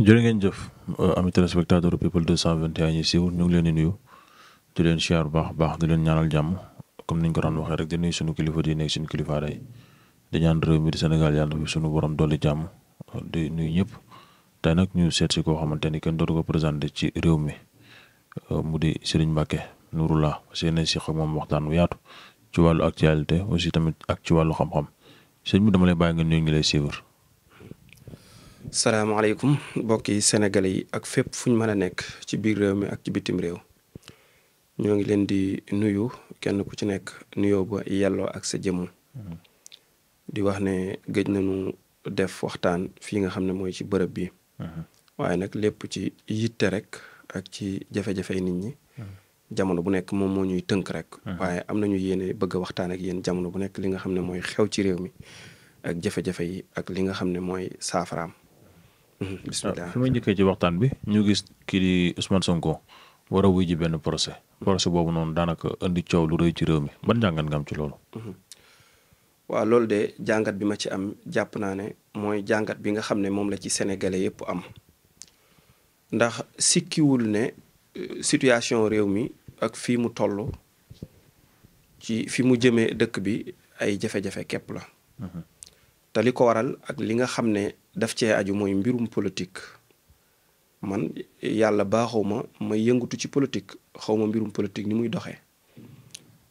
jërë ngeen jëf euh, ami téléspectateur people 221 ñi siiw ñu ngi leen di nuyu di leen siyaar bu baax a baax di leen ñaanal jàmm comme niñ ko daan waxee rek di nuyu suñu kilifa di nekk suñu kilifa day di ñaan réew mi di Sénégal yàlla fi suñu borom dolli jàmm di nuyu ñëpp te nag ñu seet si koo xamante ni kenn dootu ko présenté ci réew mi euh, mu di Serigne Mbacké Nouroullah seen si xaw moom waxtaan bu yaatu ci wàllu actualité aussi tamit ak ci wàllu xam-xam sëñ bi dama lay bàyyi nga nuyu ngi lay suivre. salaamaaleykum mbokki sénégalais yi ak fépp fu ñu mën a nekk ci biir réew mi ak ci bitim réew ñoo ngi leen di nuyu kenn ku ci nekk nuyoo ba yelloo ak sa jëmm mhm. di wax ne géej na nañu def waxtaan fii nga xam ne mooy ci bërëb bi mhm. waaye nag lépp ci yitte rek ak ci jafe nit ñi mhm. jamono bu nekk moom moo ñuy tënk rek waaye am nañu yéene bëgg waxtaan ak yéen jamono bu nekk li nga xam ne mooy xew ci réew mi ak jafe-jafe yi ak li nga xam ne mooy saafaraam bisimilah ah, fi ma njëkkee ci waxtaan bi ñu gis kii di Ousmane Sonko war wuy ji benn procès. procès boobu noonu daanaka indi coow lu rëy ci réew mi ban jàngat nga am ci loolu. Mhm. waaw loolu de jàngat bi ma ci am jàpp naa ne mooy jàngat bi nga xam ne moom la ci sénégalais yëpp am ndax sikkiwul ne euh, situation réew mi ak fii mu toll ci fi mu jëmee dëkk bi ay jafe-jafe képp la. Mhm. te li ko waral ak li nga xam ne daf cee aju mooy mbirum politique man yàlla baaxoo ma ma yëngatu ci politique xaw ma mbirum politique ni muy doxee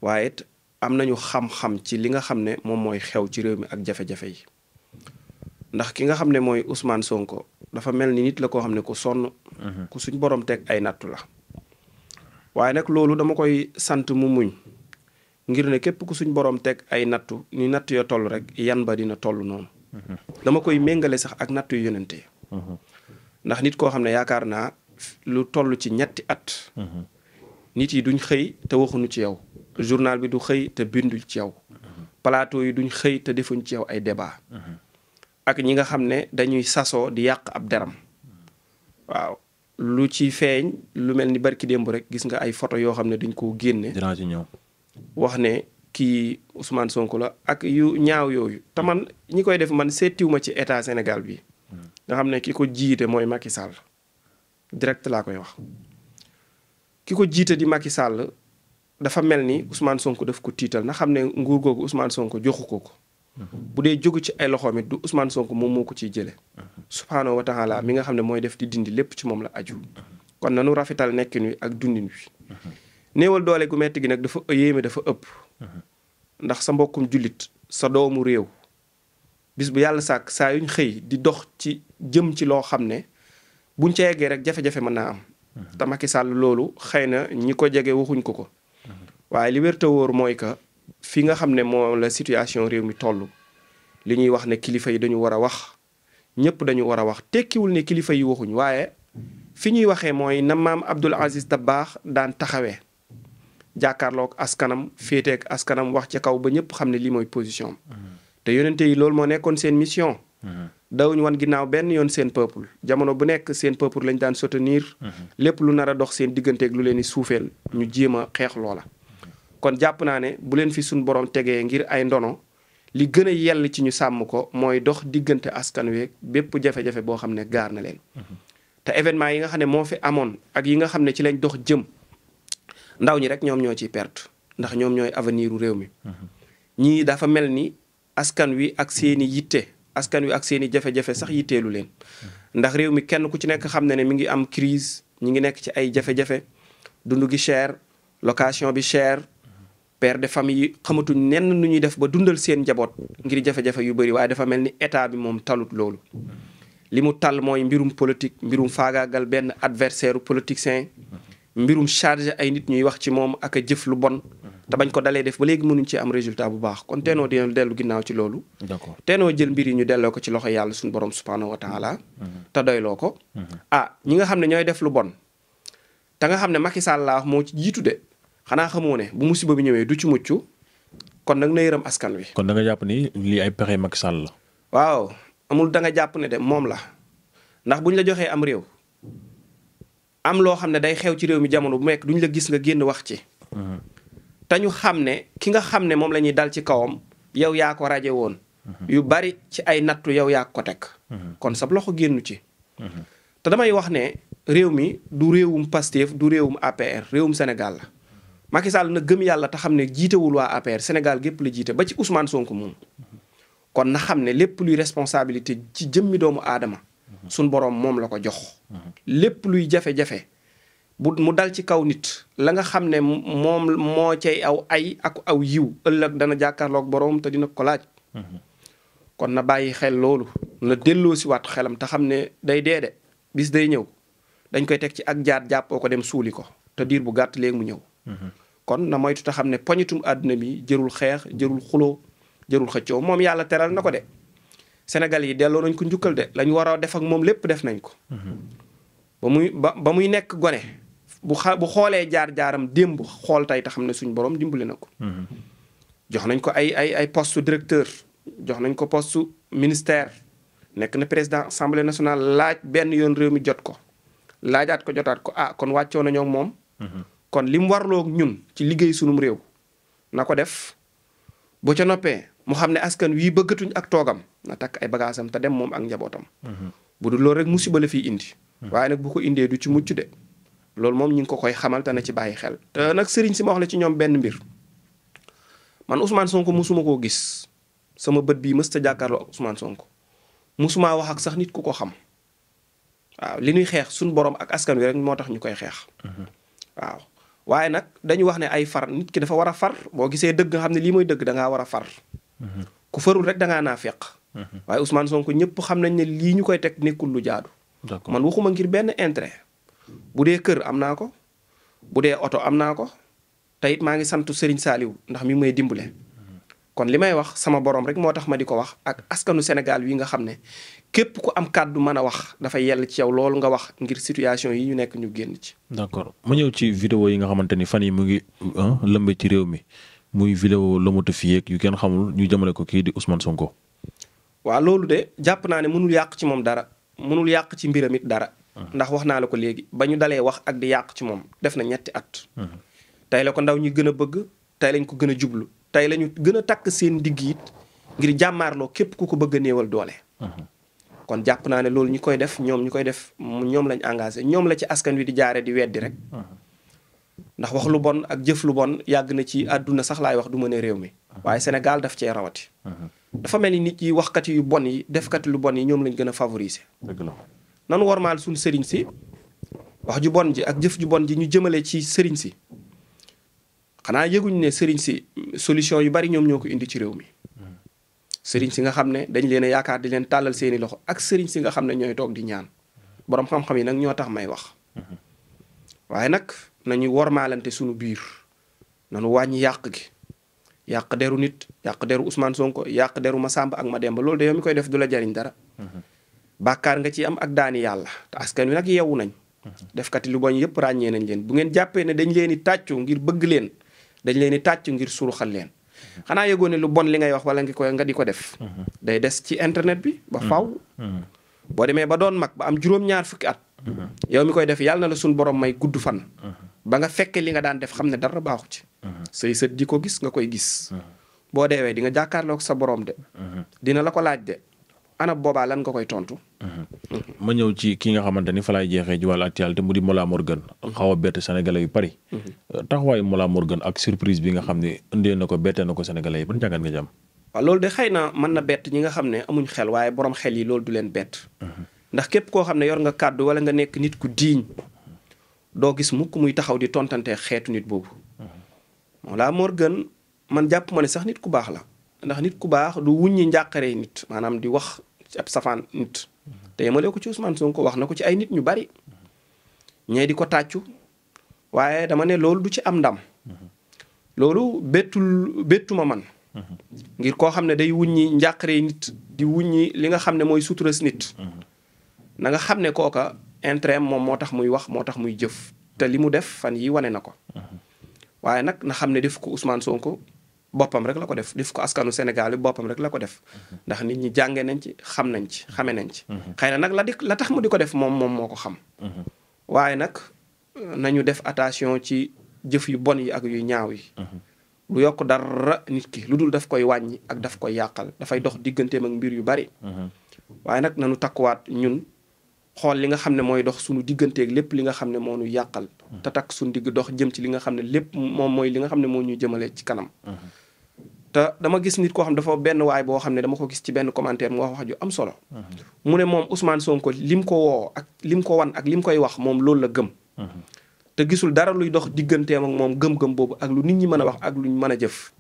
waaye it am nañu xam-xam ci li nga xam ne moom mooy xew ci réew mi ak jafe yi ndax ki nga xam ne mooy Ousmane Sonko dafa mel ni nit la koo xam ne ku sonn. Mhm. ku suñ borom teg ay nattu la. waaye nag loolu dama koy sant mu muñ ngir ne képp ku suñ borom teg ay nattu ni nattu ya toll rek yan ba dina toll noonu. dama koy méngale sax ak nattu yonente yi ndax nit koo xam ne yaakaar naa lu toll ci ñetti at nit yi duñ xëy te waxuñu ci yow journal bi du xëy te binduñ ci yow palaato yi duñ xëy te defuñ ci yaw ay débat ak ñi nga xam ne dañuy sasoo di yàq ab deram waaw lu ci feeñ lu mel ni barki démb rek gis nga ay photo yoo xam ne dañ koo génne dinaa ñëw wax ne kii Ousmane Sonko la ak yu ñaaw yooyu te man ñi koy def man seetiwuma ci état senegal bi nga xam ne ki ko jiite mooy Macky Sall direct laa koy wax ki ko jiite di Macky sàll dafa mel ni Ousmane sonku daf ko tiital na xam ne nguur googu Ousmane Sonko joxu ko ko bu dee jógu ci ay loxoom du Ousmane Sonko moom moo ko ci jële subhaanahu wa taala mi nga xam ne mooy def di dindi lépp ci moom la aju kon nanu rafetal nekkin wi ak dundin wi néewal doole gu metti gi nag dafa yéeme dafa ëpp ndax sa mbokkum jullit sa doomu réew bis bu yàlla sàkk saa yuñ xëy di dox ci jëm ci loo xam ne buñ ca yeggee rek jafe-jafe mën naa am mhm. te Macky Sall loolu xëy na ñi ko jege waxuñ ko ko mhm. waaye li wér mooy que fi nga xam ne moo la situation réew mi toll li ñuy wax ne kilifa yi dañu war a wax ñëpp dañu war a wax tekkiwul ne kilifa yi waxuñ waaye fi ñuy waxee mooy na maam Abdoul Aziz Dabakh daan taxawee jàkkaarloog askanam féeteek askanam wax ca kaw ba ñëpp xam ne lii mooy position am te yonente yi loolu moo nekkoon seen mission dawuñu wan ginnaaw benn yoon seen peuple jamono bu nekk seen peuple lañ daan soutenir lépp lu nar a dox seen digganteek lu leen di suufeel ñu jéem a xeex loola kon jàpp naa ne bu leen fi suñ boroom tegee ngir ay ndono li gën a yell ci ñu sàmm ko mooy dox diggante askan weeg bépp jafe-jafe boo xam ne gaar na leen te événement yi nga xam ne moo amoon ak yi nga xam ne ci lañ dox jëm ndaw ñi rek ñoom ñoo ciy perte ndax ñoom ñooy aveniru réew mi. ñii dafa mel ni askan wi ak seeni yitte askan wi ak seeni jafe-jafe sax yitteelu leen ndax réew mi kenn ku ci nekk xam na ne mi ngi am crise ñi ngi nekk ci ay jafe-jafe dund gi cher location bi cher. père de famille xamatuñ nenn nu ñuy def ba dundal seen njaboot ngir jafe-jafe yu bëri waaye dafa mel ni état bi moom talut loolu li mu tal mooy mbirum politique mbirum faagaagal benn adversaire u politicien mbirum chargé ay nit ñuy wax ci moom ak a jëf lu bon te bañ ko dalee def ba léegi mënuñ ci am résultat bu baax kon teenoo dina dellu ginnaaw ci loolu d'accord teenoo jël mbir yi ñu delloo ko ci loxo yàlla suñu borom subhaanahu wa taala te doyloo ko ah ñi nga xam ne ñooy def lu bon te nga xam ne Macky Sall laa moo ci jiitu de xanaa xamoo ne bu mu musiba bi ñëwee du ci mucc kon nag na yërëm askan wi kon da nga jàpp nii lii ay pexe Macky Sall la waaw amul da nga jàpp ne de moom la ndax buñ la joxee am réew am loo xam ne day xew ci réew mi jamono bu nekk duñ la gis nga génn wax ci. te ñu xam ne ki nga xam ne moom la ñuy dal ci kawam yow yaa ko raje woon. Mhm. yu bari ci ay nattu yow yaa ko teg. Mhm. kon sab loxo génnu ci. Mhm. te damay wax ne réew mi du réewum Pastef du réewum APR réewum senegal la. Macky Sall na gëm yàlla te xam ne jiitewul waa APR Sénégal gépp la jiite ba ci Ousmane Sonko moom kon na xam ne lépp luy responsabilité ci jëmmi doomu aadama suñ boroom moom la ko jox. lépp luy jafe-jafe bu mu dal ci kaw nit la nga xam ne moom moo cay aw ay ak aw yiw ëllëg dana jàkkaarloog boroom te dina ko laaj. kon na bàyyi xel loolu na delloo si waat xelam ta xam ne day dee de bis day ñëw dañ koy teg ci ak jaar jàppoo ko dem suuli ko te diir bu gàtt léegi mu ñëw. kon na moytu te xam ne poñitum àddina bi jërul xeex jërul xuloo jërul xëccoo moom yàlla teral na ko de. Sénégal yi delloo nañ ko njukkal de lañu waroo a def ak moom lépp def nañ ko. ba muy ba ba muy nekk gone bu xa bu xoolee jaar jaaram démb xool tey te xam ne suñu boroom dimbali na ko. jox nañ ko ay ay ay poste directeur jox nañ ko poste ministère nekk na président assemblée nationale laaj benn yoon réew mi jot ko laajaat ko jotaat ko ah kon wàccoo nañoo moom. kon li mu warloo ñun ci liggéey sunum réew na ko def bu ca noppee. mu xam ne askan wi bëggatuñ ak toogam na takk ay bagaasam te dem moom ak njabootam. bu dul loolu rek musiba la fi indi. waaye nag bu ko indee du ci mucc de. loolu moom ñu ngi ko koy xamal te ci bàyyi xel te nag sëriñ si ma wax la ci ñoom benn mbir man Ousmane Sonko koo gis sama bët bii mës ta jàkkaarloo ak Ousmane Sonko mosuma wax ak sax nit ku ko xam waaw li nuy xeex suñu borom ak askan wi rek moo tax ñu koy xeex. waaw waaye nag dañu wax ne ay far nit ki dafa war a far boo gisee dëgg nga xam ne lii mooy dëgg da ngaa war a far. ku farul rek da naa feq waaye Ousmane Sonko ñëpp xam nañ ne lii ñu koy teg nekkul lu jaadu. man waxuma ngir benn intérêt. bu dee kër am naa ko bu dee oto am naa ko te maa ngi sant sëriñ Saliou ndax mi may dimbale. kon li may wax sama borom rek moo tax ma di ko wax ak askanu Sénégal wi nga xam ne képp ku am kàddu mën a wax dafay yell ci yow loolu nga wax ngir situation yi ñu nekk ñu génn ci. d'accord ma ñëw ci video yi nga xamante ni fan yi mu ngi lëmbe ci réew mi. muy vidéo Lomotif yeeg yu kenn xamul ñu jëmale ko kii di Ousmane Sonko. waaw loolu de jàpp naa ne mënul yàq ci moom dara mënul yàq ci mbiramit dara. ndax wax naa la ko léegi ba ñu dalee wax ak di yàq ci moom def na ñetti at. tey la ko ndaw ñi gën a bëgg tey lañ ko gën a jublu tey la ñu gën a takk seen digg it ngir jàmmaarloo képp ku ko bëgg a néewal doole. kon jàpp naa ne loolu ñi koy def ñoom ñi koy def ñoom lañ engagé ñoom la ci askan wi di jaare di weddi rek. ndax wax lu bon ak jëf lu bon yàgg na ci àdduna sax laay wax du ma réew mi waaye Sénégal daf cee rawati dafa mel ni nit yi waxkat yu bon yi defkat lu bon yi ñoom lañ gën a favoriser dëgg la nanu warmaal suñ sëriñ si wax ju bon ji ak jëf ju bon ji ñu jëmale ci sëriñ si xanaa yëguñ ne sëriñ si solution yu bari ñoom ñoo ko indi ci réew mi sëriñ si nga xam ne dañ leen a yaakaar di leen tàllal seeni loxo ak sëriñ si nga xam ne ñooy toog di ñaan boroom xam-xam yi nag ñoo tax may wax waaye nag nañu wormaalante sunu biir na nu wàññi yàq gi yàq deru nit yàq deru usmaan Sonko yàq deru ma Massamba ak ma Mademba loolu de yow mi koy def du la jariñ dara. Mhm. bàkkaar nga ci am ak daani yàlla askan wi nag yeewu nañ. Mhm. defkati lu bañ yëpp ràññee nañ leen bu ngeen jàppee ne dañ leen di tàccu ngir bëgg leen dañ leen di ngir suruxal leen. Mhm. xanaa yëgoon lu bon li ngay wax wala nga nga di ko def. day des ci internet bi ba faw boo demee ba doon mag ba am juróom-ñaar fukki at. yow mi koy def yàlla na la suñu boroom may gudd fan. ba nga fekkee li nga daan def xam ne dara baaxu ci. Mhm. say sët di ko gis nga koy gis. Mhm. boo deewee di nga jàkkaarloog sa borom de. Mhm. dina la ko laaj de. ana boobaa lan nga koy tontu. ma ñëw ci kii nga xamante ni fa laay jeexee ci wàllu actualité mu di Mollah Morgun. xaw a bett sénégalais yu bari. Euh, taxawaayu Mollah Morgun ak surprise bi nga xam ne indee na ko bettee na ko sénégalais yi ban jàngat nga ci am. loolu de xëy na mën na bett ñi nga xam ne amuñ xel waaye borom xel yi loolu du leen bett. ndax képp koo xam ne yor nga kàddu wala nga nekk nit ku diiñ doo gis mukk muy taxaw di tontante xeetu nit boobu. moom mm-hmm. laa Mor gën man jàpp ma ne sax nit ku baax la ndax nit ku baax du wuññi njàqare nit maanaam di wax ci ab safaan nit. Mm-hmm. te ma ko ci Ousmane Sonko wax na ko ci ay nit ñu bari mm-hmm. ñee di ko tàccu waaye dama ne loolu du ci am ndam. loolu bettul bettuma man. ngir koo xam ne day wuññi njàqare nit di wuññi li nga xam ne mooy suturas nit. na nga xam ne kooka intérêt moom moo tax muy wax moo tax muy jëf te li mu def fan yi wane na ko waaye nag na xam ne def ko Ousmane Sonko boppam rek la ko def def ko askanu Sénégal yi boppam rek la ko def ndax nit ñi jànge nañ ci xam nañ ci xame nañ ci xëy na nag la di la tax mu di ko def moom moom moo ko xam waaye nag nañu def attention ci jëf yu bon yi ak yu ñaaw yi lu yokk dara nit ki lu dul daf koy wàññi ak daf koy yàqal dafay dox digganteem ak mbir yu bari waaye nag nañu takkuwaat ñun xool li nga xam ne mooy dox suñu digganteeg lépp li nga xam ne moo ñu yàqal mm-hmm. te takk suñu digg dox jëm ci li nga xam ne lépp moom mooy li nga xam ne moo ñu jëmale ci kanam mm-hmm. te dama gis nit koo xam dafa benn waay boo xam ne dama ko gis ci benn commentaire mu wax wax ju am solo mm-hmm. mu ne moom Ousmane Sonko lim ko woo ak lim ko wan ak lim koy wax moom loolu la gëm te gisul dara luy dox digganteem ak moom gëm-gëm boobu ak lu nit ñi mën a wax ak luñ mën a jëf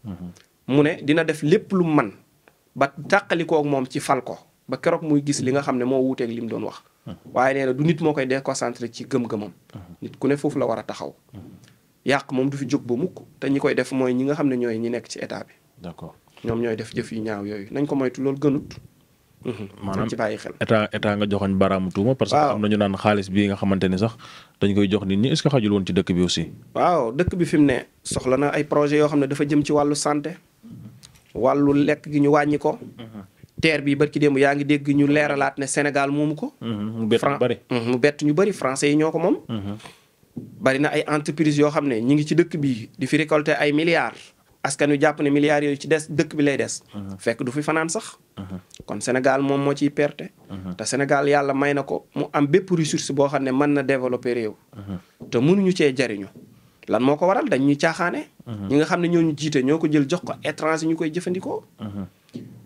mu ne dina def lépp lu man ba tàqalikoo moom ci fal ko ba keroog muy gis li nga xam ne moo wuuteeg li mu doon wax. Mhm. waaye nee na du nit moo koy déconcentré ci gëm-gëmam. Mhm. nit ku ne foofu la war a taxaw. Mhm. yàq moom du fi jóg ba mukk te ñi koy def mooy ñi nga xam ne ñooy ñi nekk ci état bi. d'accord ñoom ñooy def jëf yu ñaaw yooyu nañ ko moytu loolu gënut. maanaam ci bàyyi xel état état nga joxoñ baraamu tuuma. parce que am na ñu naan xaalis bii nga xamante ni sax dañ koy jox nit ñi est-ce que xajul woon ci dëkk bi aussi. waaw dëkk bi fi mu ne soxla na ay projet yoo xam ne dafa jëm ci wàllu santé wàllu lekk gi ñu wàññi ko. terre bi barki démb yaa ngi dégg ñu leeralaat ne Sénégal moomu ko. Mhm, mu bett ñu bëri mhm, mu bett yi ñoo ko moom. Mhm. bari na ay entreprise yoo xam ne ñu ngi ci dëkk bi di fi récolter ay milliards. askan jàpp ne milliards yooyu ci des dëkk bi lay des. fekk du fi fanaan sax. kon Sénégal moom moo ciy perte. te Sénégal yàlla may na ko mu am bépp ressource boo xam ne mën na développer réew. te mënuñu cee jariñu lan moo ko waral dañ ñu caaxaane. ñi nga xam ne ñoo ñu jiite ñoo ko jël jox ko étranger ñu koy jëfandikoo.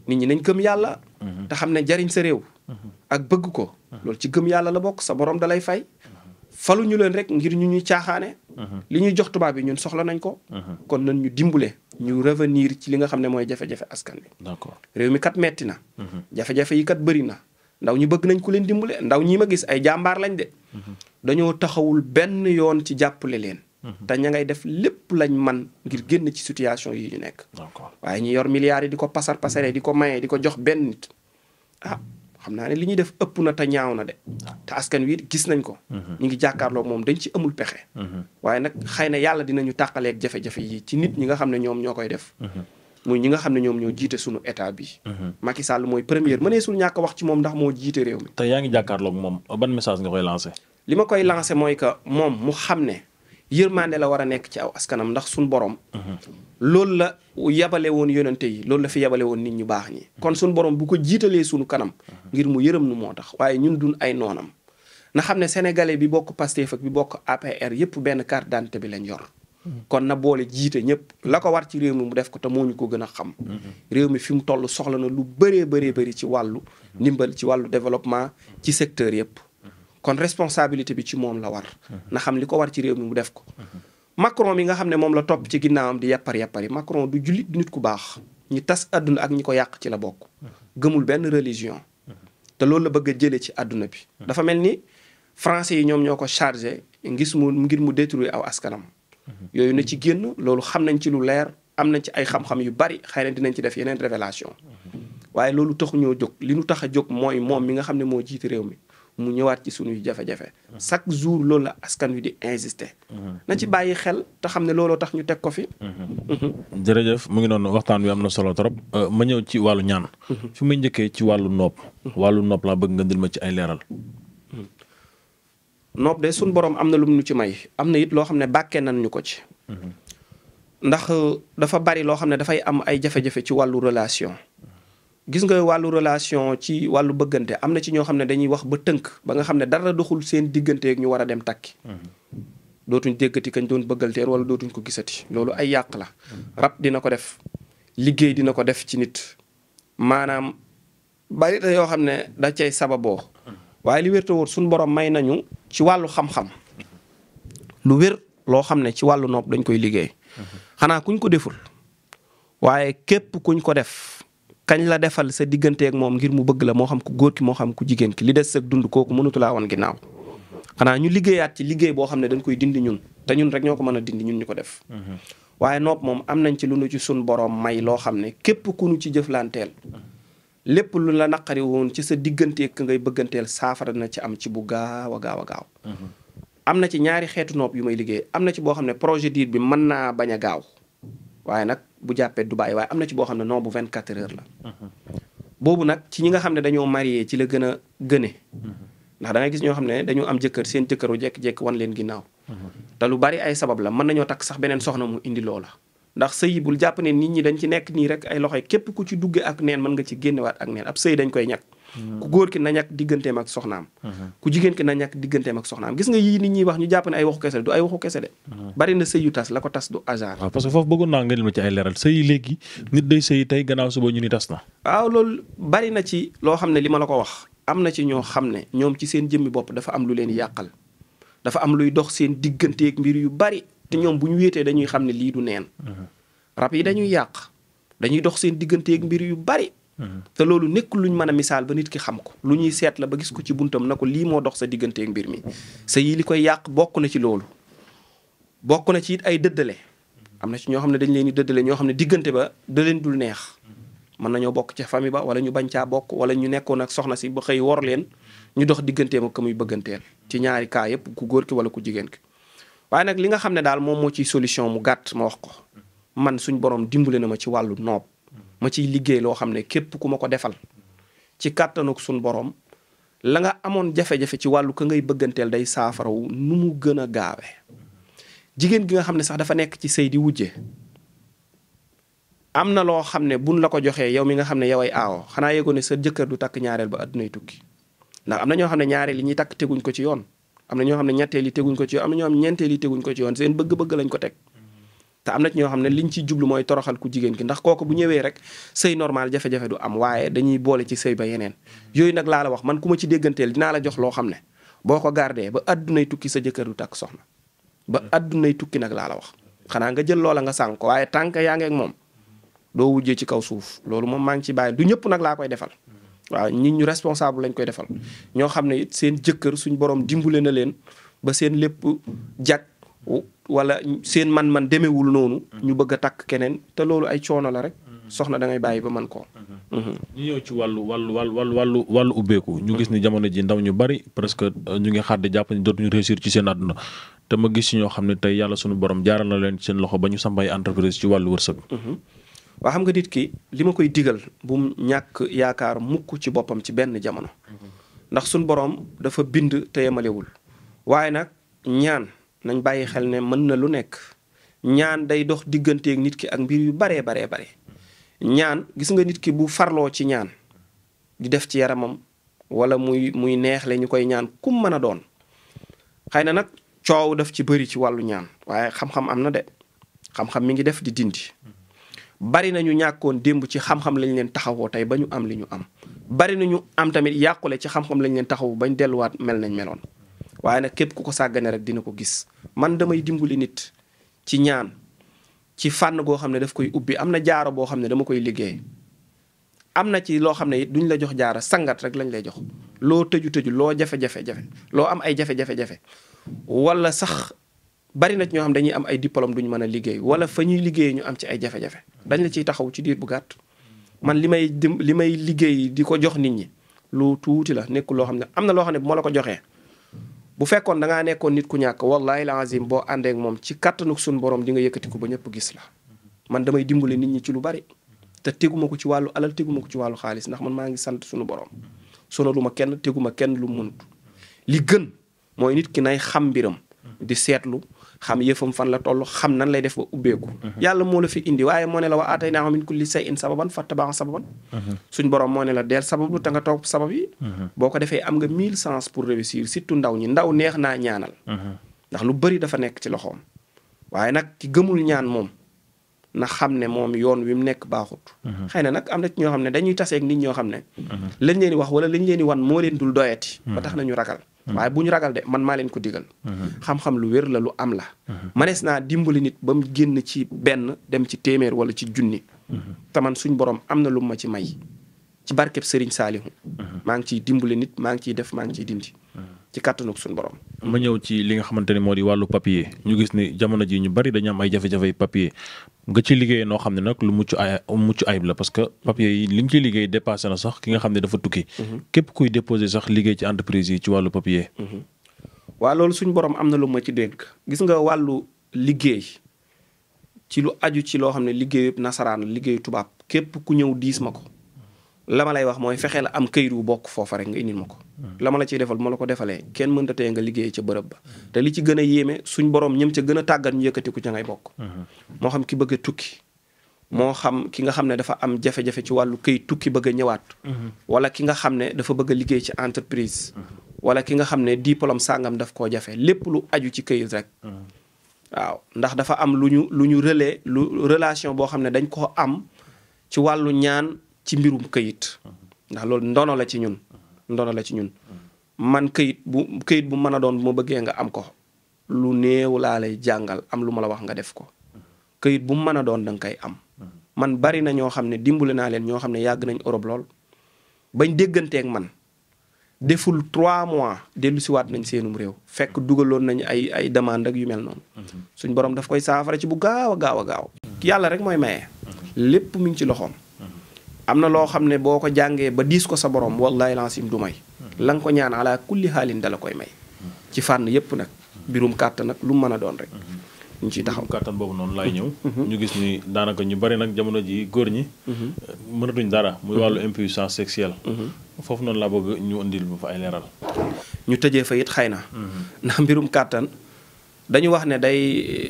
nit ñi nañ gëm yàlla. Mhm. te xam ne jariñ sa réew. Mhm. ak bëgg ko. Mhm. loolu ci gëm yàlla la bokk sa borom dalay fay. falu ñu leen rek ngir ñu ñuy caaxaane. li ñuy jox tubaab yi ñun soxla nañ ko. kon nañ ñu dimbule ñu revenir ci li nga xam ne mooy jafe-jafe askan bi d'accord réew mi kat metti na. jafe-jafe yi kat bëri na ndaw ñu bëgg nañ ku leen dimbule ndaw ñi ma gis ay jàmbaar lañ de. dañoo taxawul benn yoon ci jàppale leen. Mhm. te ña ngay def lépp lañ man ngir mhm. génn ci situation yi ñu nekk. waaye ñu yor milliards yi di ko pasar pasaree mhm. di ko mayee di ko jox benn nit ah xam naa ne li ñuy def ëpp na te ñaaw na de. Ah. te askan wi gis nañ ko. ñu ngi jàkkaarloo moom dañ ci amul pexe. waaye nag xëy na yàlla dinañu tàqaleeg jafe-jafe yi ci nit ñi nga xam ne ñoom ñoo koy def. muy ñi nga xam ne ñoom ñoo jiite sunu état bi. Macky Sall mooy première mëneesul ñàkk wax ci moom ndax moo jiite réew mi. te yaa ngi jàkkaarloog moom ban message nga koy lancé. li ma koy lancé mooy que moom mu xam ne yërmande la war a nekk ci aw askanam ndax suñ borom loolu la yebale woon yonente yi loolu la fi yabale woon nit ñu baax nii kon suñ borom bu ko jiitalee suñu kanam ngir mu yërëm nu moo tax waaye ñun duñ ay noonam na xam ne sénégalais bi bokk Pastef ak bi bokk APR yëpp benn carte d'identité bi lañ yor kon na boole jiite ñëpp la ko war ci réew mi mu def ko te moo ñu ko gën a xam réew mi fi mu toll soxla na lu bëree bëree bëri ci wàllu ndimbal ci wàllu développement ci secteur yëpp kon responsabilité bi ci moom la war. Mhm. na xam li ko war ci réew mi mu def ko. Macron mi nga xam ne moom la topp ci ginnaawam di yàppar yàppari Macron du jullit nit ku baax ñi tas àdduna ak ñi ko yàq ci la bokk. Mhm. gëmul benn religion. Mhm. te loolu la bëgg a jëlee ci àdduna bi. dafa mel ni français yi ñoom ñoo ko chargé ngis ngir mu détruire aw askanam. yooyu na ci génn loolu xam nañ ci lu leer am nañ ci ay xam-xam yu bari xëy na dinañ ci def yeneen révélation waaye loolu taxu ñoo jóg li nu tax a jóg mooy moom mi nga xam ne moo jiite réew mi. mu ñëwaat ci suñuy jafe-jafe chaque jour loolu la askan wi di insister na ci bàyyi xel te xam ne looloo tax ñu teg ko fi jërëjëf mu ngi noonu waxtaan wi am na solo trop euh, ma ñëw ci wàllu ñaan fi muy njëkkee ci wàllu nopp wàllu nopp laa bëgg nga dil ma ci ay leeral nopp de suñ borom am na lu mu ñu ci may am na it loo xam ne bàkkee nan ñu ko ci mhm. ndax euh, dafa bari loo xam ne dafay am ay jafe-jafe ci wàllu relation gis nga wàllu relation ci wàllu bëggante am na ci ñoo xam ne dañuy wax ba tënk ba nga xam ne dara doxul seen diggante ak ñu war a dem takki. Mm-hmm. dootuñ déggati kañ doon bëggalteer wala dootuñ ko gisati loolu ay yàq la. rab dina ko def liggéey dina ko def ci nit maanaam bari na yoo xam ne da cay sababoo. waaye li wér te wóor borom may nañu ci wàllu xam-xam lu wér loo xam ne ci wàllu nopp dañ koy liggéey mm-hmm. xanaa kuñ ko deful waaye képp kuñ ko def. kañ la defal sa digganteeg moom ngir mu bëgg la moo xam ku góor ki moo xam ku jigéen ki li des sag dund kooku mënatu laa woon ginnaaw xanaa ñu liggéeyaat ci liggéey boo xam ne dañ koy dindi ñun te ñun rek ñoo ko mën a dindi ñun ñu ko def. Mhm. waaye nopp moom am ci lu ci sun borom may loo xam ne képp ku nu ci jëflanteel. lépp lu la naqari woon ci sa digganteeg ngay bëgganteel saafara na ci am ci bu gaaw a gaaw mhm. am na ci ñaari xeetu nopp yu may liggéey am na ci boo xam ne projet diir bi mën naa bañ a gaaw waaye nag bu jàppee Dubaï waaye am na ci boo xam ne non bu 24 heures la. Mhm. boobu nag ci ñi nga xam ne dañoo marié ci la gën a gëne. Mhm. ndax da gis ñoo xam ne dañoo am jëkkër seen jëkkëru jekk-jekk wan leen ginnaaw. Mhm. te lu bari ay sabab la mën nañoo takk sax beneen soxna mu indi loola. ndax sëy bul jàpp ne nit ñi dañ ci nekk nii rek ay loxo képp ku ci dugge ak neen mën nga ci génnewaat ak neen ab sëy dañ koy ñàkk. ku góor ki na ñàkk digganteem ak soxnaam ku jigéen ki na ñàkk digganteem ak soxnaam gis nga yii nit ñuy wax ñu jàpp ne ay waxu kese ay waxu kese de mm-hmm. bari na sëy yu tas la ko tas du agent waaw parce que foofu bëggoon naa nga dem ci ay leeral sëy léegi nit day sëy tey gannaaw suba ñu ni tas na waaw loolu bari na ci loo xam ne li ma la ko wax am na ci ñoo xam ne ñoom ci seen jëmmi bopp dafa am lu leen yàqal dafa am luy dox seen digganteek mbir yu bari te ñoom bu ñu wéetee dañuy xam ne lii du neen mm-hmm. rab yi dañuy yàq dañuy dox seen digganteeg mbir yu bari te loolu nekkul luñ mën a misaal ba nit ki xam ko lu ñuy seet la ba gis ko ci buntam na ko lii moo dox sa digganteeg mbir mi sa yii li koy yàq bokk na ci loolu bokk na ci it ay dëddale am na ci ñoo xam ne dañ leen di dëddale ñoo xam ne diggante ba da leen dul neex mën nañoo bokk ca famille ba wala ñu bañ bokk wala ñu nekkoon ak soxna si ba xëy leen ñu dox digganteem ak ka bëgganteel ci ñaari yëpp ku góor ki wala ku jigéen ki waaye nag li nga xam ne daal moom moo ciy solution mu gàtt ma wax ko man suñ borom dimbale na ma ci wàllu noob ma ciy liggéey loo xam ne képp ku ma ko defal ci kàttanuk suñ borom la nga amoon jafe-jafe ci wàllu ka ngay bëgganteel day saafarawu nu mu gën a gaawe jigéen gi nga xam ne sax dafa nekk ci sëy di wujje am na loo xam ne buñ ko joxee yow mi nga xam ne yow ay aawo xanaa yëgoon ne sa jëkkër du ba àddunay tukki na ñoo xam ne ñaareel yi ñuy takk teguñ ko ci yoon am na ñoo xam ne ñetteel ko ci am na ñoo yi teguñ ko ci yoon seen bëgg-bëgg lañ ko teg te am na ci ñoo xam ne liñ ci jublu mooy toroxal ku jigéen ki ndax kooku bu ñëwee rek sëy normal jafe-jafe du am waaye dañuy boole ci sëy ba yeneen yooyu nag laa la wax man ku ma ci dégganteel dinaa la jox loo xam ne boo ko gardee ba addunay tukki sa jëkkër du takk soxna ba addunay tukki nag laa la wax xanaa nga jël loola nga sànk waaye tànk yaa ngeek moom doo wujjee ci kaw suuf loolu moom maa ngi ci bàyyi du ñëpp nag laa koy defal waaw nit ñu responsable lañ koy defal ñoo xam ne seen jëkkër suñ borom dimbule na leen ba seen lépp jag wala seen man-man demewul noonu. Mm-hmm. ñu bëgg a takk keneen te loolu ay coono la rek. Mm-hmm. soxna da ngay bàyyi ba man ko mm-hmm. ñu ñëw ci wàllu wàllu wàllu wàllu wàllu ubbeeku. ñu gis ni jamono ji ndaw ñu bari presque euh, ñu ngi xàddi jàpp ni dootuñu réussir ci seen àdduna te ma gis ñoo xam ne tey yàlla sunu borom jaaral na leen seen loxo ba ñu sambay entreprise ci wàllu wërsëg. waa xam nga nit ki li ma koy digal bu ñàkk yaakaar mukk ci boppam ci benn jamono. ndax sunu dafa bind te waaye nag ñaan. nañ bàyyi xel ne mën na lu nekk ñaan day dox digganteeg nit ki ak mbir yu baree baree bare ñaan gis nga nit ki bu farloo ci ñaan di def ci yaramam wala muy muy neexle ñu koy ñaan kum mën a doon xëy na nag coow def ci bëri ci wàllu ñaan waaye xam-xam am na de xam-xam mi ngi def di dindi bari na ñu ñàkkoon démb ci xam-xam lañ leen taxawoo tey ba ñu am li ñu am bari na ñu am tamit yàqule ci xam-xam lañ leen taxawu bañ delluwaat mel nañ meloon. waaye nag képp ku ko sàggane rek dina ko gis man damay dimbali nit ci ñaan ci fànn goo xam ne daf koy ubbi am na jaaro boo xam ne dama koy liggéey am na ci loo xam ne it duñ la jox jaara sangat rek lañ lay jox loo tëju tëju loo jafe-jafe loo am ay jafe-jafe wala sax bari na ñoo xam dañuy am ay diplôme duñ mën a liggéey wala fa ñuy liggéey ñu am ci ay jafe dañ la ciy taxaw ci diir bu gàtt man li may li may liggéey di ko jox nit ñi lu tuuti la nekk loo xam ne am na loo xam ne bu ma la ko joxee bu fekkoon da ngaa nekkoon nit ku ñàkk wallahi la azim boo àndee moom ci kattanu suñu boroom di nga yëkkati ko ba ñëpp gis la man damay dimbale nit ñi ci lu bari te teguma ko ci wàllu alal teguma ko ci wàllu xaalis ndax man maa ngi sant suñu borom ma kenn teguma kenn lu munut li gën mooy nit ki nay xam mbiram di seetlu xam yëfam fan la toll xam nan lay def ba ubbeeku mhm. yàlla moo la fi indi waaye moo ne la wa aataynaahu min kulli shay'in sababan fattabaa sababan mhm. suñ borom moo ne la deel sabablu te nga toog sabab yi mhm. boo ko defee am nga mille sens pour réussir surtout ndaw ñi ndaw neex naa ñaanal ndax lu bëri dafa nekk ci loxoom waaye nag ki gëmul ñaan moom na xam ne moom yoon wi mu nekk baaxut. Mhm. xëy na nag am na ci ñoo xam ne dañuy taseek nit ñoo xam ne. Mhm. lañ leen di wax wala lañ leen di wan moo leen dul doyati. ba mhm. tax na ñu ragal. waaye bu ñu ragal de man maa leen ko digal. xam lu wér la lu am la. manees naa dimbali nit ba mu génn ci benn dem ci téeméer wala ci junni. te man suñ borom am na lu ma ci may. ci barkeb sëriñ Saalihu. maa ngi ciy dimbali nit maa ngi ciy def maa ngi ciy dindi. ci kàttanug suñu borom. ma ñëw ci li nga xamante ne moo di wàllu papier ñu gis ni jamono ji ñu bari dañu am ay jafe-jafe papier nga ci liggéey noo xam ne nag lu mucc ay mucc ayib la parce que papier yi li nga ci liggéey dépassé na sax ki nga xam ne dafa tukki. Mhm. képp kuy déposé sax liggéey ci entreprise yi ci wàllu papier. Mhm. waa loolu suñu borom am na lu ma ci dénk gis nga wàllu liggéey ci lu aju ci loo xam ne liggéeyu nasaraan liggéeyu tubaab képp ku ñëw diis ma ko. la lay wax mooy la am këyit wu bokk foofa rek nga indil ma ko. Hmm. la ma la ciy defal ma la ko defalee kenn mënta tee nga liggéey ca bërëb ba. te li ci gën a yéeme suñ borom ñëm ca gën a tàggat ñu yëkkati ku ca ngay bokk. Hmm. moo xam ki bëgg tukki. moo xam ki nga xam ne dafa am jafe-jafe ci wàllu këyit tukki bëgg ñëwaat. Hmm. wala ki nga xam ne dafa bëgg liggéey ci entreprise. wala ki nga xam ne diplôme sàngam daf koo jafe lépp lu aju ci këyit rek. waaw ndax dafa am lu ñu lu ñu relais lu relation boo xam ne dañ koo am ci ci mbirum këyit ndax loolu ndono la ci ñun ndono la ci ñun man këyit bu këyit bu mën a doon bu ma bëggee nga am ko lu néew laa lay jàngal am lu ma la wax nga def ko këyit bu mën a doon danga koy am man bari na ñoo xam ne dimbali naa leen ñoo xam ne yàgg nañ Europe lool bañ dégganteeg man deful trois mois dellusiwaat nañ seenum réew fekk dugaloon nañu ay ay demande ak yu mel noonu mhm. suñ borom daf koy saafara ci bu gaaw a gaaw a gaaw yàlla rek mooy maye lépp mi ngi ci loxoom am na loo xam ne boo ko jàngee ba diis ko sa borom wallahi lancim du may hmm. la nga ko ñaan ala kulli xaalin dala koy may hmm. ci fànn yépp nag mbirum kàttan nag lu mën a doon rek hmm. ñu ciy taxaw kàttan boobu noonu laay ñëw ñu gis ni daanaka ñu bari nag jamono ji góor ñi mënatuñ dara muy wàllu impuissance sexuelle foofu noonu laa bëgg ñu indil ba fa ay leeral ñu tëjee fa it xëy na ndax mbirum kàttan dañu wax ne day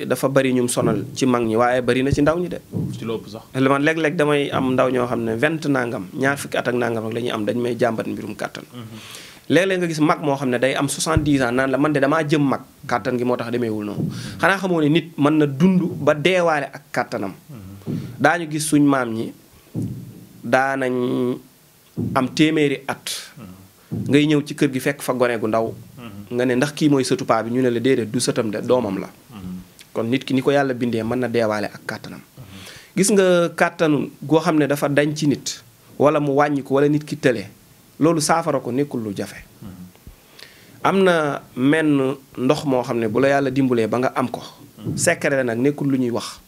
dafa bari ñum sonal hmm. ci mag ñi waaye bari na ci ndaw ñi de. ci lopp sax man léeg damay am ndaw ñoo xam ne vingt nangam ñaar fukki at ak nangam rek la ñuy am dañu may jàmbat mbirum kàttan. Hmm. léeg-léeg nga gis mag moo xam ne day am 70 ans naan la man de damaa jëm mag kàttan gi moo tax demeewul noonu hmm. xanaa xamoo ni nit mën na dund ba deewaare ak kàttanam daañu gis suñ maam ñi daanañ am téeméeri at ngay ñëw ci kër gi fekk fa gone gu ndaw nga ne ndax kii mooy sëtu paa bi ñu ne la déedéet du sëtam de doomam la kon nit ki ni ko yàlla bindee mën na deewaale ak kàttanam gis nga kàttanu goo xam ne dafa dañ ci nit wala mu wàññi ko wala nit ki tële loolu saafara ko nekkul lu jafe am na menn ndox moo xam ne bu la yàlla dimbalee ba nga am ko secret la nag nekkul lu ñuy wax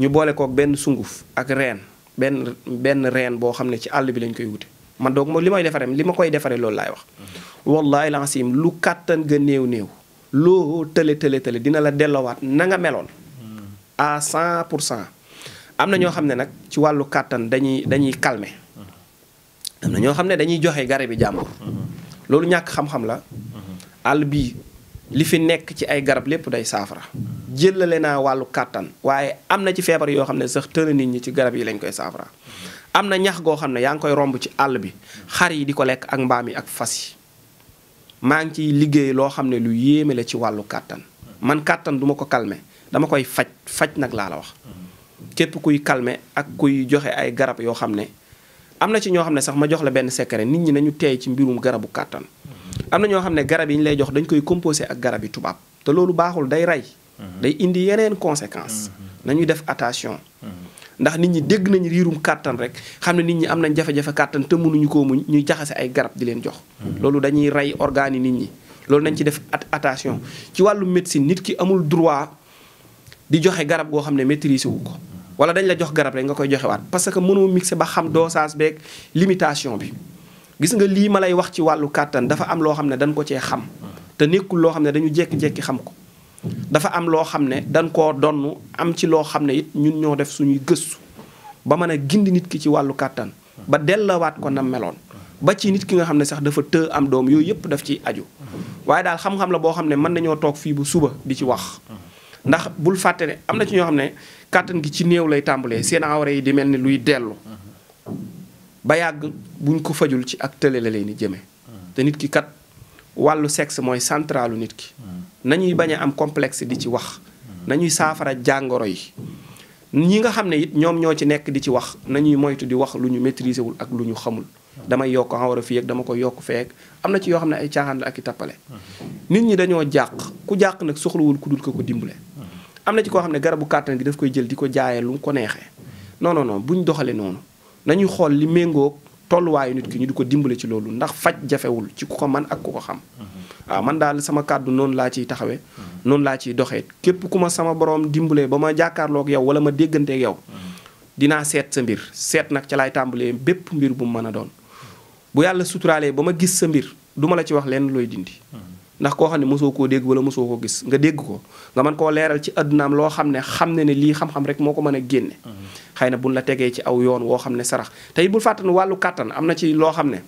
ñu boole kook benn sunguf ak reen benn benn reen boo xam ne ci àll bi lañ koy wute man donc li may defaree li ma koy defaree loolu laay wax. wallahi lancim lu kàttan ga néew néew. loo tële tële tële dina la delloowaat na nga meloon. Hmm. à cent pour cent. am na ñoo xam ne nag ci wàllu kàttan dañuy dañuy calmer. Hmm. am na ñoo xam ne dañuy joxe garab bi jàmbur. Hmm. loolu ñàkk xam-xam la. àll bii li fi nekk ci ay garab lépp day saafara. jëlale naa wàllu kàttan waaye am na ci feebar yoo xam ne sax tëna nit ñi ci garab yi lañ koy saafara. am na ñax goo xam ne yaa ngi koy romb ci àll bi xar yi di ko lekk ak mbaam yi ak fas yi maa ngi ciy liggéey loo xam ne lu yéeme la ci wàllu kàttan man kàttan duma ko calmer dama koy faj faj nag laa la wax képp kuy calmer ak kuy joxe ay garab yoo xam ne am na ci ñoo xam ne sax ma jox la benn secret nit ñi nañu teey ci mbirum garabu kàttan am na ñoo xam ne garab yi ñu lay jox dañ koy composé ak garab yi tubaab te loolu baaxul day rey mhm. day indi yeneen conséquences mhm. nañuy def attention mhm. ndax nit ñi dégg nañu riirum kàttan rek xam ne nit ñi am nañ jafe-jafe kàttan te mënuñu koo muñ ñuy jaxase ay garab di leen jox mhm. loolu dañuy rey organes nit ñi loolu nañ ci def at attention ci wàllu médecine nit ki amul droit di joxe garab goo xam ne maîtriser wu ko wala dañu la jox garab rek nga koy joxewaat parce que mënoo mixer ba xam dosage beeg limitation bi gis nga lii ma lay wax ci wàllu kàttan dafa am loo xam ne dañ ko cee xam mhm. te nekkul loo xam ne dañu jékki-jékki ko dafa am loo xam ne dañ ko donn am ci loo xam ne it ñun ñoo def suñuy gëstu ba mën a gindi nit ki ci wàllu kàttan ba dellawaat ko na meloon ba ci nit ki nga xam ne sax dafa të am doom yooyu yëpp daf ciy aju waaye daal xam-xam la boo xam ne mën nañoo toog fii bu suba di ci wax ndax bul fàtte ne am na ci ñoo xam ne kàttan gi ci néew lay tàmbalee seen awra yi di mel ni luy dellu ba yàgg buñ ko fajul ci ak tële la leen di jëmee te nit ki kat wàllu sexe centralu nit ki nañuy bañ a am complexe di ci wax nañuy saafara jàngoro yi ñi nga xam ne it ñoom ñoo ci nekk di ci wax nañuy moytu di wax lu ñu maîtriser wul ak lu ñu xamul damay yokk en war a fii ak dama ko yokk feek am na ci yoo xam ne ay caaxaan ak i tappale nit ñi dañoo jàq ku jàq nag soxlawul ku dul ko ko dimbale am na ci koo xam ne garabu kàttan gi daf koy jël di ko jaayee lu ko neexee non noonu non buñ doxalee noonu nañuy xool li méngoog tolluwaayu nit ki ñu du ko dimbale ci loolu ndax faj jafewul ci ku ko man ak ku ko xam waaw man daal sama kàddu noonu laa ciy taxawee noonu laa ciy doxeet képp ku ma sama boroom dimbalee ba ma jàkkaarloog yow wala ma dégganteeg yow dinaa seet sa mbir seet nag ca laay tàmbalee bépp mbir bu mu mën a doon bu yàlla suturaalee ba ma gis sa mbir duma la ci wax leen looy dindi ndax koo xam ne mosoo koo dégg wala mosoo koo gis nga dégg ko nga man koo leeral ci addunaam loo xam ne xam ne ne lii xam-xam rek moo ko mën a génne mm-hmm. xëy na bu buñ la tegee ci aw yoon woo xam ne sarax tey bu fàttan wàllu kàttan am na ci loo xam ne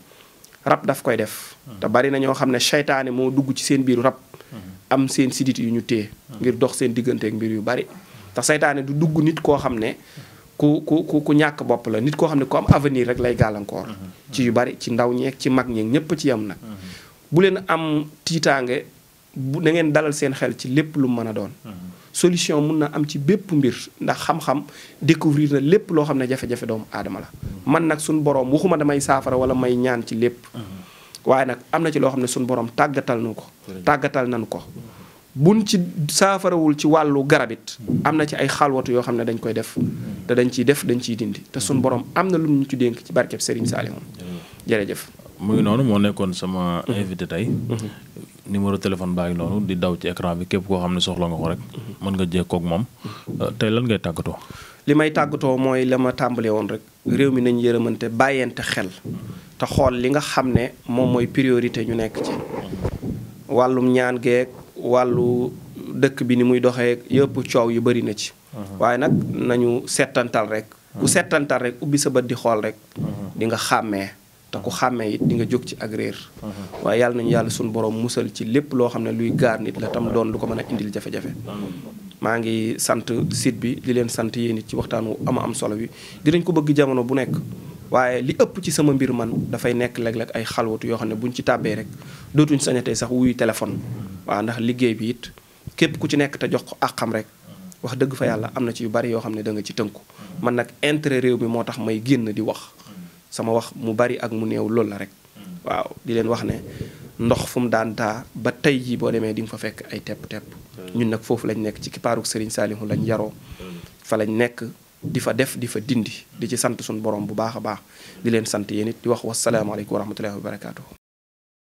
rab daf koy def mm-hmm. te bari na ñoo xam ne seytaane moo dugg ci seen biiru rab mm-hmm. am seen sidit yu ñu téye ngir dox seen digganteek mbir yu bari te seytaane du dugg nit koo xam ne ku ku ku ku ñàkk bopp la nit koo xam ne ku am avenir rek lay gàllankoor ci yu bari ci ndaw ñeeg ci mag ñeeg ñépp ci yam nag bu leen am tiitaange bu na ngeen dalal seen xel ci lépp lu mën a doon. Mhm. solution mun na am ci bépp mbir ndax xam-xam découvrir na lépp loo xam ne jafe-jafe doomu aadama la. Mhm. man nag suñu borom waxuma damay saafara wala may ñaan ci lépp. Mhm. waaye nag am na ci loo xam ne suñu borom tàggatal na ko. tàggatal nañu ko. buñ ci saafarawul ci wàllu garabit am na ci ay xalwatu yoo xam ne dañ koy def te dañ ciy def dañ ciy dindi te suñu borom am na lu ñu ci dénk ci barkeb Serigne Saliou jërëjëf mu ngi noonu moo nekkoon sama invité tey numéro téléphone baa ngi noonu di daw ci écran bi képp koo xam ne soxla nga ko rek mën nga jékkoog moom euh, tey lan ngay tàggatoo li may tàggatoo mooy la ma tàmbalee woon rek réew mi nañ yërëmante bàyyente xel te xool li nga xam ne moom mooy priorité ñu nekk ci wàllum ñaan geeg wàllu dëkk bi ni muy doxee yëpp coow yu bari na ci uh-huh. waaye nag nañu settantal rek bu uh-huh. setantal rek ubbi sa bët di xool rek uh-huh. di nga xàmmee te ku xàmmee it di nga jóg ci ak réer uh-huh. waaye yàlla nañu yàlla suñu boroom musal ci lépp loo xam ne luy gaar nit la tam uh-huh. doon lu ko mën a indil jafe-jafe uh-huh. maa ngi sant site bi di leen sant yéen it ci waxtaanu ama am solo bi dinañ ko bëgg jamono bu nekk waaye li ëpp ci sama mbir man dafay nekk léeg-léeg ay xalwatu yoo xam ne buñ ci tàbbee rek dootuñ sañatee sax wuyu téléphone waaw ndax liggéey bi it képp ku ci nekk te jox ko xam rek wax dëgg fa yàlla am na ci yu bari yoo xam ne danga nga ci tënku man nag intere réew mi moo tax may génn di wax sama wax mu bari ak mu néew loolu la rek waaw di leen wax ne ndox fu mu daan taa ba tey jii boo demee di nga fa fekk ay tepp-tepp ñun nag foofu lañ nekk ci kipaaruk Serigne Saalihu lañ yaroo fa lañ nekk di fa def di fa dindi di ci sant suñu borom bu baax a baax di leen sant yéen it di wax wasalaamaaleykum wa rahmatullahi wa barakaatuhu